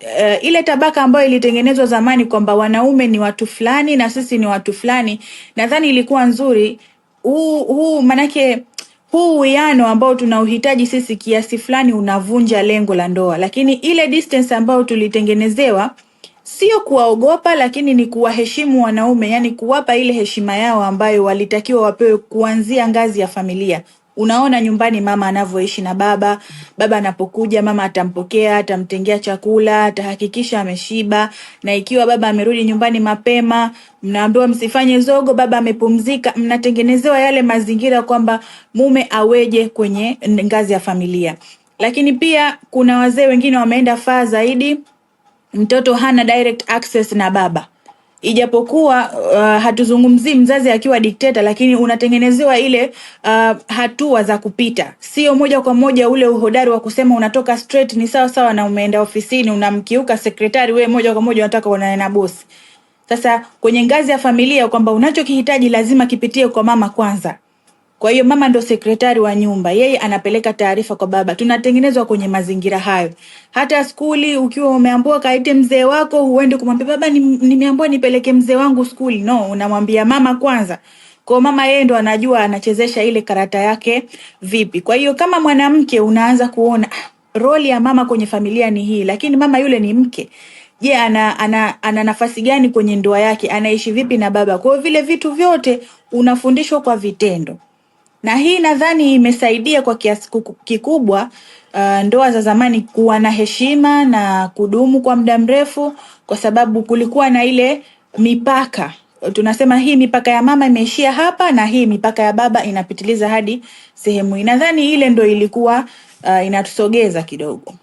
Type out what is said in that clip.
uh, ile tabaka ambayo ilitengenezwa zamani kwamba wanaume ni watu fulani na sisi ni watu fulani, nadhani ilikuwa nzuri. Huu huu manake huu uwiano ambao tunauhitaji sisi kiasi fulani unavunja lengo la ndoa, lakini ile distance ambayo tulitengenezewa sio kuwaogopa, lakini ni kuwaheshimu wanaume, yani kuwapa ile heshima yao ambayo walitakiwa wapewe kuanzia ngazi ya familia. Unaona nyumbani mama anavyoishi na baba. Baba anapokuja mama atampokea, atamtengea chakula, atahakikisha ameshiba. Na ikiwa baba amerudi nyumbani mapema, mnaambiwa msifanye zogo, baba amepumzika. Mnatengenezewa yale mazingira kwamba mume aweje kwenye ngazi ya familia. Lakini pia kuna wazee wengine wameenda faa zaidi, mtoto hana direct access na baba ijapokuwa uh, hatuzungumzii mzazi akiwa dikteta, lakini unatengenezewa ile uh, hatua za kupita, sio moja kwa moja ule uhodari wa kusema unatoka straight. Ni sawa sawa na umeenda ofisini unamkiuka sekretari, wewe moja kwa moja unataka uonane na bosi. Sasa kwenye ngazi ya familia, kwamba unachokihitaji lazima kipitie kwa mama kwanza. Kwa hiyo mama ndo sekretari wa nyumba, yeye anapeleka taarifa kwa baba. Tunatengenezwa kwenye mazingira hayo. Hata skuli ukiwa umeambiwa kaite mzee wako, huendi kumwambia baba, nimeambiwa nipeleke mzee wangu skuli. No, unamwambia mama kwanza. Kwa mama yeye ndo anajua anachezesha ile karata yake vipi. Kwa hiyo kama mwanamke unaanza kuona ah, roli ya mama kwenye familia ni hii, lakini mama yule ni mke. Je, yeah, ana, ana, ana nafasi gani kwenye ndoa yake? Anaishi vipi na baba? Kwa hiyo vile vitu vyote unafundishwa kwa vitendo na hii nadhani imesaidia kwa kiasi kikubwa uh, ndoa za zamani kuwa na heshima na kudumu kwa muda mrefu, kwa sababu kulikuwa na ile mipaka tunasema hii mipaka ya mama imeishia hapa na hii mipaka ya baba inapitiliza hadi sehemu hii. Nadhani ile ndo ilikuwa uh, inatusogeza kidogo.